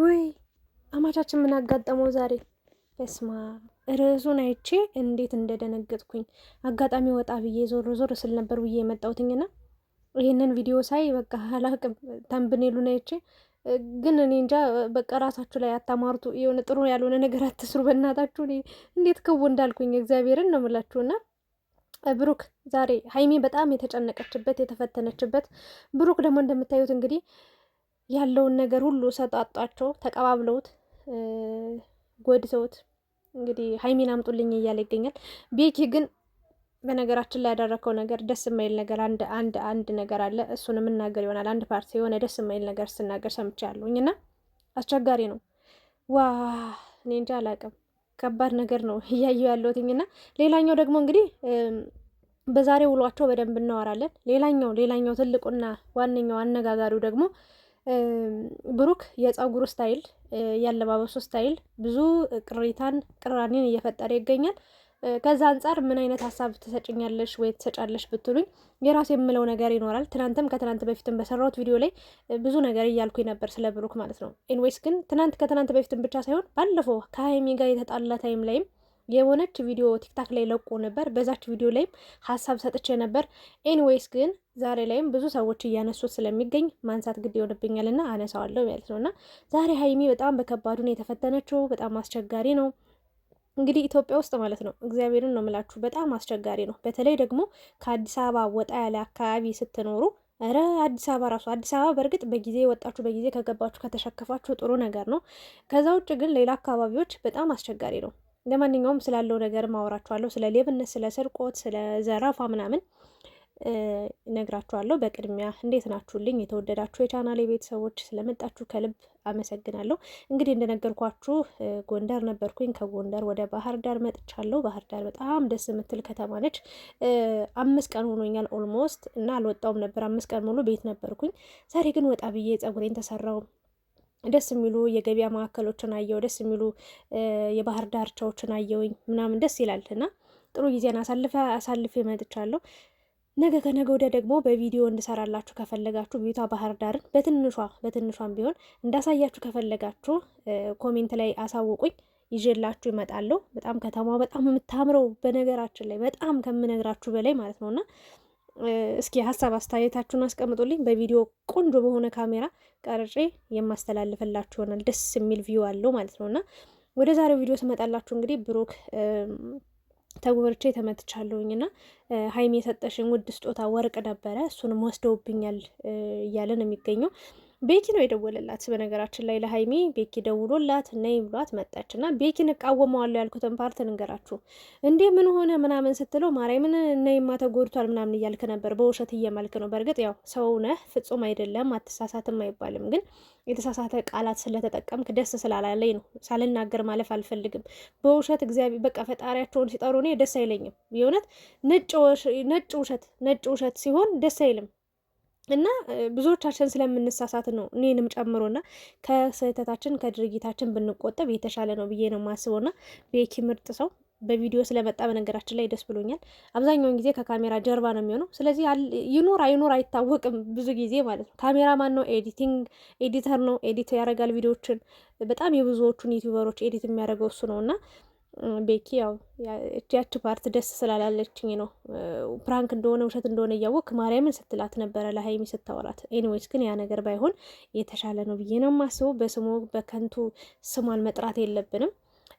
ውይ አማቻችን ምን አጋጠመው ዛሬ? በስማ ርዕሱን አይቼ እንዴት እንደደነገጥኩኝ አጋጣሚ ወጣ ብዬ ዞር ዞር ስል ነበር ብዬ የመጣሁትኝና ይህንን ቪዲዮ ሳይ በቃ አላቅም ተንብኔሉን አይቼ ግን እኔ እንጃ በቃ ራሳችሁ ላይ አታማርቱ። የሆነ ጥሩ ያልሆነ ነገር አትስሩ በእናታችሁ። እንዴት ክቡ እንዳልኩኝ እግዚአብሔርን ነው የምላችሁና ብሩክ ዛሬ ሀይሜ በጣም የተጨነቀችበት የተፈተነችበት ብሩክ ደግሞ እንደምታዩት እንግዲህ ያለውን ነገር ሁሉ ሰጣጧቸው ተቀባብለውት ጎድተውት እንግዲህ ሀይሚን አምጡልኝ እያለ ይገኛል። ቤኪ ግን በነገራችን ላይ ያደረከው ነገር ደስ የማይል ነገር አንድ አንድ አንድ ነገር አለ። እሱን የምናገር ይሆናል። አንድ ፓርቲ የሆነ ደስ የማይል ነገር ስናገር ሰምቻለሁኝ እና አስቸጋሪ ነው። ዋ እኔ እንጃ አላቅም። ከባድ ነገር ነው እያየሁ ያለሁትኝ እና ሌላኛው ደግሞ እንግዲህ በዛሬ ውሏቸው በደንብ እናወራለን። ሌላኛው ሌላኛው ትልቁና ዋነኛው አነጋጋሪው ደግሞ ብሩክ የፀጉር ስታይል፣ ያለባበሱ ስታይል ብዙ ቅሬታን ቅራኔን እየፈጠረ ይገኛል። ከዛ አንጻር ምን አይነት ሀሳብ ትሰጭኛለሽ ወይ ትሰጫለሽ ብትሉኝ የራሱ የምለው ነገር ይኖራል። ትናንትም ከትናንት በፊትም በሰራሁት ቪዲዮ ላይ ብዙ ነገር እያልኩኝ ነበር ስለ ብሩክ ማለት ነው። ኢንዌይስ ግን ትናንት ከትናንት በፊትም ብቻ ሳይሆን ባለፈው ከሀይሚ ጋር የተጣላ ታይም ላይም የሆነች ቪዲዮ ቲክታክ ላይ ለቆ ነበር። በዛች ቪዲዮ ላይም ሀሳብ ሰጥቼ ነበር። ኤኒዌይስ ግን ዛሬ ላይም ብዙ ሰዎች እያነሱት ስለሚገኝ ማንሳት ግድ ይሆንብኛል እና አነሳዋለሁ ማለት ነው እና ዛሬ ሀይሚ በጣም በከባዱ ነው የተፈተነችው። በጣም አስቸጋሪ ነው እንግዲህ ኢትዮጵያ ውስጥ ማለት ነው። እግዚአብሔርን ነው የምላችሁ፣ በጣም አስቸጋሪ ነው። በተለይ ደግሞ ከአዲስ አበባ ወጣ ያለ አካባቢ ስትኖሩ ረ አዲስ አበባ ራሱ አዲስ አበባ በእርግጥ በጊዜ ወጣችሁ በጊዜ ከገባችሁ ከተሸከፋችሁ ጥሩ ነገር ነው። ከዛ ውጭ ግን ሌላ አካባቢዎች በጣም አስቸጋሪ ነው። ለማንኛውም ስላለው ነገር ማወራችኋለሁ። ስለ ሌብነት፣ ስለ ስርቆት፣ ስለ ዘራፋ ምናምን ነግራችኋለሁ። በቅድሚያ እንዴት ናችሁልኝ? የተወደዳችሁ የቻናሌ ቤተሰቦች ስለመጣችሁ ከልብ አመሰግናለሁ። እንግዲህ እንደነገርኳችሁ ጎንደር ነበርኩኝ። ከጎንደር ወደ ባህር ዳር መጥቻለሁ። ባህር ዳር በጣም ደስ የምትል ከተማ ነች። አምስት ቀን ሆኖኛል ኦልሞስት እና አልወጣውም ነበር። አምስት ቀን ሙሉ ቤት ነበርኩኝ። ዛሬ ግን ወጣ ብዬ ጸጉሬን ተሰራው ደስ የሚሉ የገበያ ማዕከሎችን አየው፣ ደስ የሚሉ የባህር ዳርቻዎችን አየውኝ ምናምን ደስ ይላል እና ጥሩ ጊዜን አሳልፈ አሳልፍ መጥቻለሁ። ነገ ከነገ ወዲያ ደግሞ በቪዲዮ እንድሰራላችሁ ከፈለጋችሁ ቤቷ ባህር ዳርን በትንሿ በትንሿም ቢሆን እንዳሳያችሁ ከፈለጋችሁ ኮሜንት ላይ አሳውቁኝ፣ ይዤላችሁ ይመጣለሁ። በጣም ከተማ በጣም የምታምረው በነገራችን ላይ በጣም ከምነግራችሁ በላይ ማለት ነውና እስኪ ሀሳብ አስተያየታችሁን አስቀምጡልኝ። በቪዲዮ ቆንጆ በሆነ ካሜራ ቀርጬ የማስተላልፍላችሁ ይሆናል። ደስ የሚል ቪው አለው ማለት ነው እና ወደ ዛሬው ቪዲዮ ስመጣላችሁ እንግዲህ ብሩክ ተጎርቼ ተመትቻለሁኝ እና ሀይሚ የሰጠሽን ውድ ስጦታ ወርቅ ነበረ እሱንም ወስደውብኛል እያለ ነው የሚገኘው። ቤኪ ነው የደወለላት። በነገራችን ላይ ለሀይሚ ቤኪ ደውሎላት ነይ ብሏት መጣች እና ቤኪን እቃወመዋለሁ ያልኩትን ፓርት ንገራችሁ እንዴ ምን ሆነ ምናምን ስትለው ማርያምን ነይማ ተጎድቷል ምናምን እያልክ ነበር፣ በውሸት እየመልክ ነው። በእርግጥ ያው ሰው ነህ፣ ፍጹም አይደለም፣ አትሳሳትም አይባልም። ግን የተሳሳተ ቃላት ስለተጠቀምክ ደስ ስላላለኝ ነው። ሳልናገር ማለፍ አልፈልግም። በውሸት እግዚአብሔር በቃ ፈጣሪያቸውን ሲጠሩ እኔ ደስ አይለኝም። የእውነት ነጭ ውሸት ነጭ ውሸት ሲሆን ደስ አይልም። እና ብዙዎቻችን ስለምንሳሳት ነው እኔንም ጨምሮና ከስህተታችን ከድርጊታችን ብንቆጠብ የተሻለ ነው ብዬ ነው የማስበውና ቤኪ ምርጥ ሰው በቪዲዮ ስለመጣ በነገራችን ላይ ደስ ብሎኛል። አብዛኛውን ጊዜ ከካሜራ ጀርባ ነው የሚሆነው። ስለዚህ ይኖር አይኖር አይታወቅም፣ ብዙ ጊዜ ማለት ነው። ካሜራማን ነው፣ ኤዲቲንግ ኤዲተር ነው፣ ኤዲት ያደርጋል ቪዲዮዎችን። በጣም የብዙዎቹን ዩቲዩበሮች ኤዲት የሚያደርገው እሱ ነው እና ቤኪ ያው ያቺ ፓርት ደስ ስላላለችኝ ነው። ፕራንክ እንደሆነ ውሸት እንደሆነ እያወቅ ማርያምን ስትላት ነበረ ለሀይሚ ስታወራት። ኤኒዌይስ ግን ያ ነገር ባይሆን የተሻለ ነው ብዬ ነው የማስበው። በስሙ በከንቱ ስሟን መጥራት የለብንም።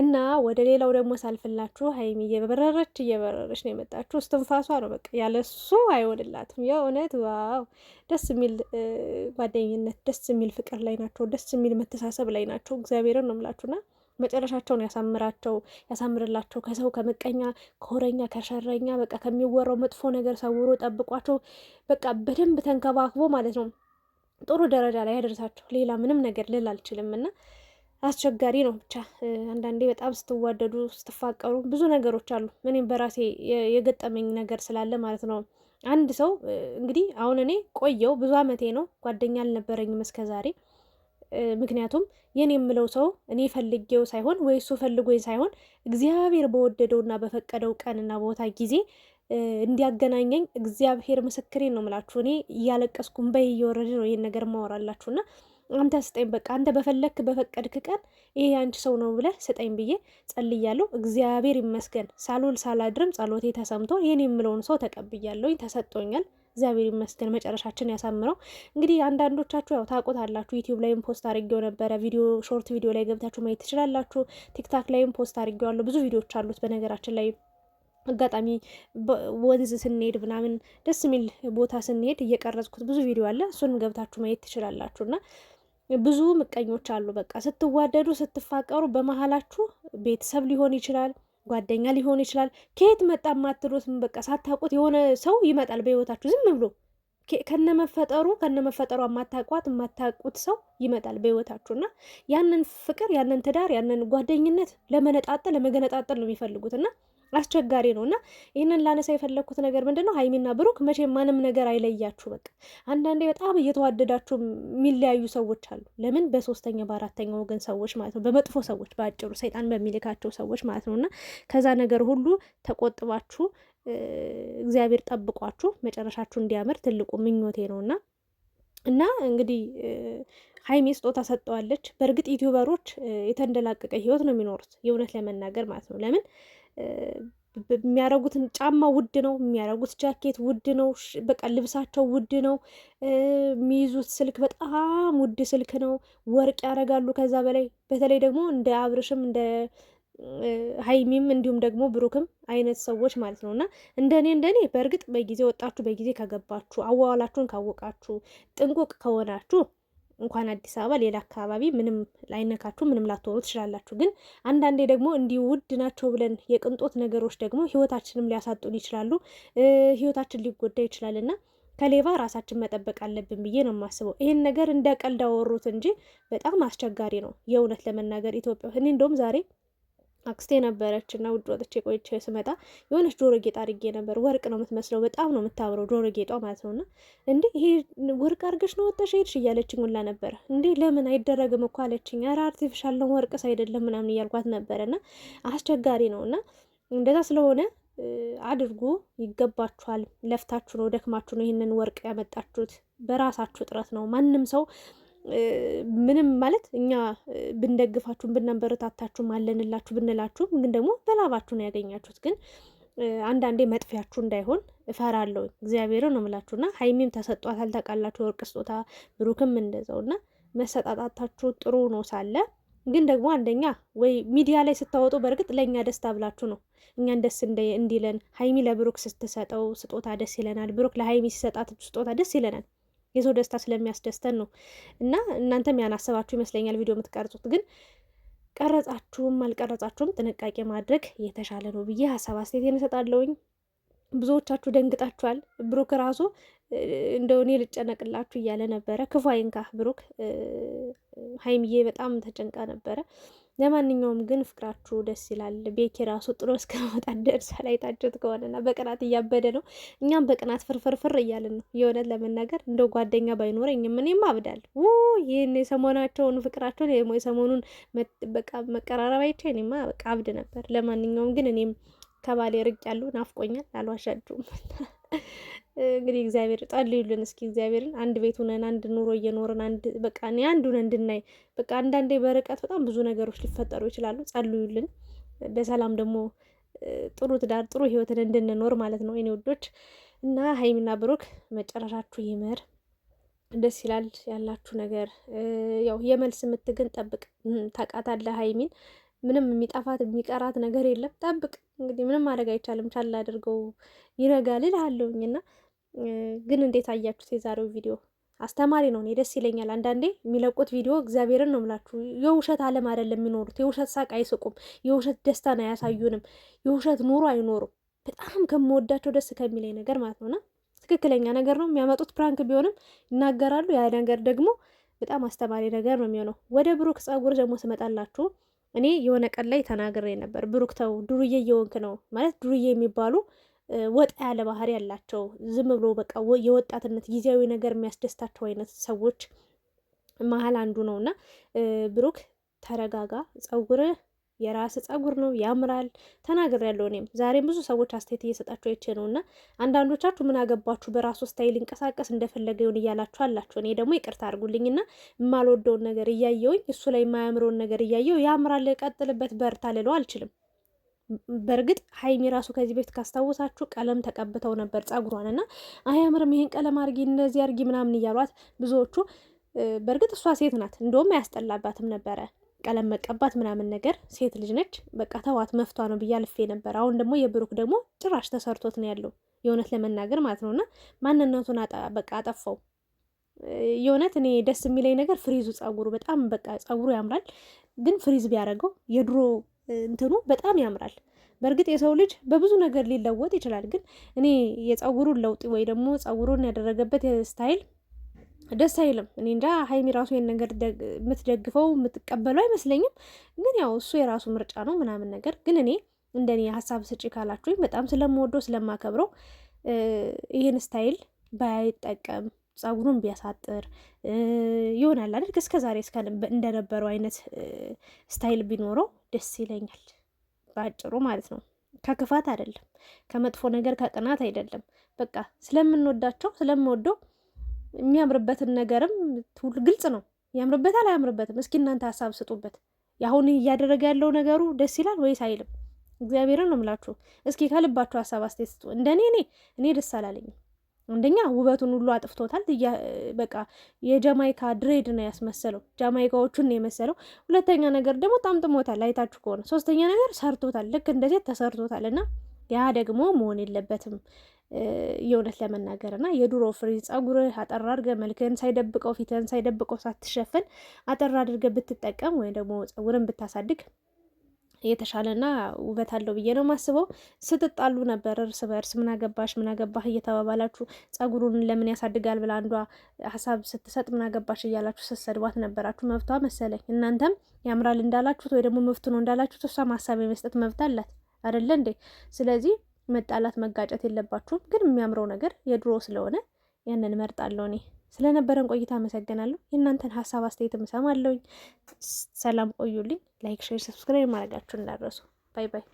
እና ወደ ሌላው ደግሞ ሳልፍላችሁ ሀይሚ እየበረረች እየበረረች ነው የመጣችሁ። እስትንፋሷ ነው በቃ፣ ያለ እሱ አይሆንላትም። የእውነት ዋው! ደስ የሚል ጓደኝነት፣ ደስ የሚል ፍቅር ላይ ናቸው፣ ደስ የሚል መተሳሰብ ላይ ናቸው። እግዚአብሔርን ነው የምላችሁና መጨረሻቸውን ያሳምራቸው ያሳምርላቸው። ከሰው ከምቀኛ ከወረኛ ከሸረኛ በቃ ከሚወራው መጥፎ ነገር ሰውሮ ጠብቋቸው በቃ በደንብ ተንከባክቦ ማለት ነው ጥሩ ደረጃ ላይ ያደርሳቸው። ሌላ ምንም ነገር ልል አልችልም እና አስቸጋሪ ነው ብቻ። አንዳንዴ በጣም ስትዋደዱ ስትፋቀሩ ብዙ ነገሮች አሉ። እኔም በራሴ የገጠመኝ ነገር ስላለ ማለት ነው። አንድ ሰው እንግዲህ አሁን እኔ ቆየው ብዙ አመቴ ነው ጓደኛ አልነበረኝም እስከ ዛሬ ምክንያቱም የኔ የምለው ሰው እኔ ፈልጌው ሳይሆን ወይ እሱ ፈልጎኝ ሳይሆን እግዚአብሔር በወደደውና በፈቀደው ቀንና ቦታ ጊዜ እንዲያገናኘኝ እግዚአብሔር ምስክሬን ነው ምላችሁ። እኔ እያለቀስኩ በይ እየወረደ ነው ይህን ነገር ማወራላችሁና አንተ ስጠኝ በቃ አንተ በፈለክ በፈቀድክ ቀን ይሄ አንቺ ሰው ነው ብለህ ስጠኝ ብዬ ጸልያለሁ። እግዚአብሔር ይመስገን ሳልውል ሳላድርም ጸሎቴ ተሰምቶ ይህን የምለውን ሰው ተቀብያለሁኝ፣ ተሰጥቶኛል። እግዚአብሔር ይመስገን መጨረሻችን ያሳምረው። እንግዲህ አንዳንዶቻችሁ ያው አላችሁ ዩቲዩብ ላይም ፖስት አድርጌው ነበረ ቪዲዮ፣ ሾርት ቪዲዮ ላይ ገብታችሁ ማየት ትችላላችሁ። ቲክታክ ላይም ፖስት አድርጌዋለሁ። ብዙ ቪዲዮዎች አሉት በነገራችን ላይ አጋጣሚ ወንዝ ስንሄድ ምናምን ደስ የሚል ቦታ ስንሄድ እየቀረጽኩት ብዙ ቪዲዮ አለ። እሱንም ገብታችሁ ማየት ትችላላችሁ። እና ብዙ ምቀኞች አሉ። በቃ ስትዋደዱ ስትፋቀሩ በመሀላችሁ ቤተሰብ ሊሆን ይችላል ጓደኛ ሊሆን ይችላል። ከየት መጣ ማትሉት በቃ ሳታውቁት የሆነ ሰው ይመጣል በህይወታችሁ ዝም ብሎ ከነመፈጠሩ ከነመፈጠሩ የማታቋት የማታቁት ሰው ይመጣል በህይወታችሁ እና ያንን ፍቅር ያንን ትዳር ያንን ጓደኝነት ለመነጣጠል ለመገነጣጠል ነው የሚፈልጉት እና አስቸጋሪ ነው እና ይህንን ላነሳ የፈለግኩት ነገር ምንድን ነው? ሀይሚና ብሩክ መቼ ማንም ነገር አይለያችሁ። በቃ አንዳንዴ በጣም እየተዋደዳችሁ የሚለያዩ ሰዎች አሉ። ለምን? በሶስተኛ በአራተኛ ወገን ሰዎች ማለት ነው፣ በመጥፎ ሰዎች፣ በአጭሩ ሰይጣን በሚልካቸው ሰዎች ማለት ነው እና ከዛ ነገር ሁሉ ተቆጥባችሁ እግዚአብሔር ጠብቋችሁ መጨረሻችሁ እንዲያምር ትልቁ ምኞቴ ነው እና እና እንግዲህ ሀይሜ ስጦታ ሰጠዋለች። በእርግጥ ዩቲዩበሮች የተንደላቀቀ ህይወት ነው የሚኖሩት የእውነት ለመናገር ማለት ነው። ለምን የሚያረጉትን ጫማ ውድ ነው፣ የሚያረጉት ጃኬት ውድ ነው፣ በቃ ልብሳቸው ውድ ነው፣ የሚይዙት ስልክ በጣም ውድ ስልክ ነው፣ ወርቅ ያደርጋሉ ከዛ በላይ በተለይ ደግሞ እንደ አብርሽም እንደ ሀይሚም እንዲሁም ደግሞ ብሩክም አይነት ሰዎች ማለት ነው። እና እንደኔ እንደኔ በእርግጥ በጊዜ ወጣችሁ በጊዜ ከገባችሁ አዋዋላችሁን ካወቃችሁ ጥንቁቅ ከሆናችሁ እንኳን አዲስ አበባ ሌላ አካባቢ ምንም ላይነካችሁ ምንም ላትሆኑ ትችላላችሁ። ግን አንዳንዴ ደግሞ እንዲህ ውድ ናቸው ብለን የቅንጦት ነገሮች ደግሞ ህይወታችንም ሊያሳጡን ይችላሉ። ህይወታችን ሊጎዳ ይችላል እና ከሌባ ራሳችን መጠበቅ አለብን ብዬ ነው የማስበው። ይህን ነገር እንደ ቀልድ አወሩት እንጂ በጣም አስቸጋሪ ነው የእውነት ለመናገር ኢትዮጵያ እኔ እንደውም ዛሬ አክስቴ ነበረች እና ውድ ወጥቼ ቆይቼ ስመጣ የሆነች ጆሮ ጌጥ አድርጌ ነበር። ወርቅ ነው የምትመስለው፣ በጣም ነው የምታምረው ጆሮ ጌጧ ማለት ነው። እና እንዴ ይሄ ወርቅ አድርገሽ ነው ወጥተሽ ሄድሽ እያለችኝ ሁላ ነበረ። እንዴ ለምን አይደረግም እኮ አለችኝ። ኧረ አርቲፊሻል ነው ወርቅስ አይደለም ምናምን እያልኳት ነበረ። እና አስቸጋሪ ነው እና እንደዛ ስለሆነ አድርጉ ይገባችኋል። ለፍታችሁ ነው ደክማችሁ ነው ይህንን ወርቅ ያመጣችሁት፣ በራሳችሁ ጥረት ነው ማንም ሰው ምንም ማለት እኛ ብንደግፋችሁም ብናበረታታችሁም አለንላችሁ ብንላችሁም ግን ደግሞ በላባችሁ ነው ያገኛችሁት። ግን አንዳንዴ መጥፊያችሁ እንዳይሆን እፈራለሁ። እግዚአብሔር ነው ምላችሁና ሀይሚም ተሰጧታል ታውቃላችሁ፣ የወርቅ ስጦታ ብሩክም እንደዛው እና መሰጣጣታችሁ ጥሩ ነው ሳለ ግን ደግሞ አንደኛ ወይ ሚዲያ ላይ ስታወጡ በእርግጥ ለእኛ ደስታ ብላችሁ ነው እኛን ደስ እንዲለን ሀይሚ ለብሩክ ስትሰጠው ስጦታ ደስ ይለናል፣ ብሩክ ለሀይሚ ሲሰጣት ስጦታ ደስ ይለናል። የሰው ደስታ ስለሚያስደስተን ነው። እና እናንተም ያናሰባችሁ ይመስለኛል ቪዲዮ የምትቀርጹት። ግን ቀረጻችሁም አልቀረጻችሁም ጥንቃቄ ማድረግ የተሻለ ነው ብዬ ሀሳብ አስተያየት እሰጣለሁኝ። ብዙዎቻችሁ ደንግጣችኋል። ብሩክ ራሱ እንደው እኔ ልጨነቅላችሁ እያለ ነበረ። ክፉ አይንካህ ብሩክ። ሀይሚዬ በጣም ተጨንቃ ነበረ። ለማንኛውም ግን ፍቅራችሁ ደስ ይላል። ቤኪ ራሱ ጥሎ እስከመጣ ደርሳ ላይ አይታችሁት ከሆነና በቅናት እያበደ ነው። እኛም በቅናት ፍርፍርፍር እያልን ነው። የእውነት ለመናገር እንደው ጓደኛ ባይኖረኝ እኔም አብዳለሁ። ይህን የሰሞናቸውን ፍቅራቸውን የሰሞኑን መቀራረብ አይቼ እኔማ በቃ አብድ ነበር። ለማንኛውም ግን እኔም ከባሌ ርቅ ያሉ ናፍቆኛል፣ አልዋሻችሁም እንግዲህ እግዚአብሔር ጸልዩልን። እስኪ እግዚአብሔርን አንድ ቤት ሁነን አንድ ኑሮ እየኖርን አንድ በቃ እኔ አንድ ሁነን እንድናይ በቃ አንዳንዴ በርቀት በጣም ብዙ ነገሮች ሊፈጠሩ ይችላሉ። ጸልዩልን። በሰላም ደግሞ ጥሩ ትዳር ጥሩ ህይወትን እንድንኖር ማለት ነው እኔ ውዶች እና ሀይሚና ብሩክ መጨረሻችሁ ይመር። ደስ ይላል ያላችሁ ነገር። ያው የመልስ ምት ግን ጠብቅ። ታውቃታለህ ሀይሚን ምንም የሚጠፋት የሚቀራት ነገር የለም። ጠብቅ እንግዲህ ምንም ማድረግ አይቻልም። ቻል አድርገው ይነጋል እልሃለሁኝ እና ግን እንዴት አያችሁት የዛሬው ቪዲዮ? አስተማሪ ነው። እኔ ደስ ይለኛል። አንዳንዴ የሚለቁት ቪዲዮ እግዚአብሔርን ነው የምላችሁ፣ የውሸት ዓለም አይደለም የሚኖሩት። የውሸት ሳቅ አይስቁም፣ የውሸት ደስታን አያሳዩንም፣ የውሸት ኑሮ አይኖሩም። በጣም ከምወዳቸው ደስ ከሚለኝ ነገር ማለት ነውና ትክክለኛ ነገር ነው የሚያመጡት። ፕራንክ ቢሆንም ይናገራሉ። ያ ነገር ደግሞ በጣም አስተማሪ ነገር ነው የሚሆነው። ወደ ብሩክ ጸጉር ደግሞ ስመጣላችሁ እኔ የሆነ ቀን ላይ ተናግሬ ነበር። ብሩክ ተው ዱርዬ እየወንክ ነው ማለት ዱርዬ የሚባሉ ወጣ ያለ ባህሪ ያላቸው ዝም ብሎ በቃ የወጣትነት ጊዜያዊ ነገር የሚያስደስታቸው አይነት ሰዎች መሀል አንዱ ነው እና ብሩክ ተረጋጋ። ጸጉርህ የራስ ጸጉር ነው፣ ያምራል። ተናገር ያለው እኔም ዛሬም ብዙ ሰዎች አስተያየት እየሰጣችሁ አይቼ ነው እና አንዳንዶቻችሁ ምን አገባችሁ በራሱ ስታይል ይንቀሳቀስ እንደፈለገ ይሁን እያላችሁ አላችሁ። እኔ ደግሞ ይቅርታ አድርጉልኝና የማልወደውን ነገር እያየውኝ እሱ ላይ የማያምረውን ነገር እያየው ያምራል፣ ቀጥልበት፣ በርታ ልለው አልችልም። በእርግጥ ሀይሚ ራሱ ከዚህ በፊት ካስታወሳችሁ ቀለም ተቀብተው ነበር ጸጉሯን እና አያምርም፣ ይህን ቀለም አርጊ፣ እንደዚህ አርጊ ምናምን እያሏት ብዙዎቹ። በእርግጥ እሷ ሴት ናት፣ እንደውም አያስጠላባትም ነበረ ቀለም መቀባት ምናምን ነገር። ሴት ልጅ ነች፣ በቃ ተዋት፣ መፍቷ ነው ብዬ አልፌ ነበር። አሁን ደግሞ የብሩክ ደግሞ ጭራሽ ተሰርቶት ነው ያለው፣ የእውነት ለመናገር ማለት ነው። እና ማንነቱን በቃ አጠፋው። የእውነት እኔ ደስ የሚለኝ ነገር ፍሪዙ ጸጉሩ በጣም በቃ ጸጉሩ ያምራል፣ ግን ፍሪዝ ቢያደርገው የድሮ እንትኑ በጣም ያምራል። በእርግጥ የሰው ልጅ በብዙ ነገር ሊለወጥ ይችላል። ግን እኔ የጸጉሩን ለውጥ ወይ ደግሞ ጸጉሩን ያደረገበት ስታይል ደስ አይልም። እኔ እንጃ ሀይሚ ራሱ ይሄን ነገር የምትደግፈው የምትቀበለው አይመስለኝም። ግን ያው እሱ የራሱ ምርጫ ነው ምናምን ነገር ግን እኔ እንደ እኔ ሀሳብ ስጪ ካላችሁኝ በጣም ስለምወደው ስለማከብረው ይህን ስታይል ባይጠቀም ጸጉሩን ቢያሳጥር ይሆናል አይደል? እስከ ዛሬ እንደነበረው አይነት ስታይል ቢኖረው ደስ ይለኛል። በአጭሩ ማለት ነው። ከክፋት አይደለም፣ ከመጥፎ ነገር ከቅናት አይደለም። በቃ ስለምንወዳቸው ስለምወደው የሚያምርበትን ነገርም ትውል ግልጽ ነው። ያምርበታል አያምርበትም። እስኪ እናንተ ሀሳብ ስጡበት። የአሁን እያደረገ ያለው ነገሩ ደስ ይላል ወይስ አይልም? እግዚአብሔርን ነው የምላችሁ። እስኪ ከልባችሁ ሀሳብ አስተያየት ስጡ። እንደ እኔ እኔ እኔ ደስ አላለኝም። አንደኛ ውበቱን ሁሉ አጥፍቶታል። በቃ የጃማይካ ድሬድ ነው ያስመሰለው፣ ጃማይካዎቹን ነው የመሰለው። ሁለተኛ ነገር ደግሞ ጣምጥሞታል፣ አይታችሁ ከሆነ ሶስተኛ ነገር ሰርቶታል፣ ልክ እንደዚህ ተሰርቶታል። እና ያ ደግሞ መሆን የለበትም የእውነት ለመናገር እና የድሮ ፍሪዝ ጸጉር አጠር አድርገ መልክህን ሳይደብቀው ፊትህን ሳይደብቀው ሳትሸፍን አጠር አድርገ ብትጠቀም ወይም ደግሞ ጸጉርን ብታሳድግ የተሻለና ውበት አለው ብዬ ነው ማስበው። ስትጣሉ ነበር እርስ በእርስ ምን አገባሽ ምን አገባህ እየተባባላችሁ ጸጉሩን ለምን ያሳድጋል ብላ አንዷ ሀሳብ ስትሰጥ ምን አገባሽ እያላችሁ ስትሰድቧት ነበራችሁ። መብቷ መሰለኝ። እናንተም ያምራል እንዳላችሁት ወይ ደግሞ መብቱ ነው እንዳላችሁት እሷም ሀሳብ የመስጠት መብት አላት አደለ እንዴ? ስለዚህ መጣላት መጋጨት የለባችሁም። ግን የሚያምረው ነገር የድሮ ስለሆነ ያንን መርጣለሁ እኔ። ስለነበረን ቆይታ አመሰግናለሁ። የእናንተን ሀሳብ አስተያየት እሰማለሁ። ሰላም ቆዩልኝ። ላይክ፣ ሼር፣ ሰብስክራይብ ማድረጋችሁ እንዳረሱ። ባይ ባይ።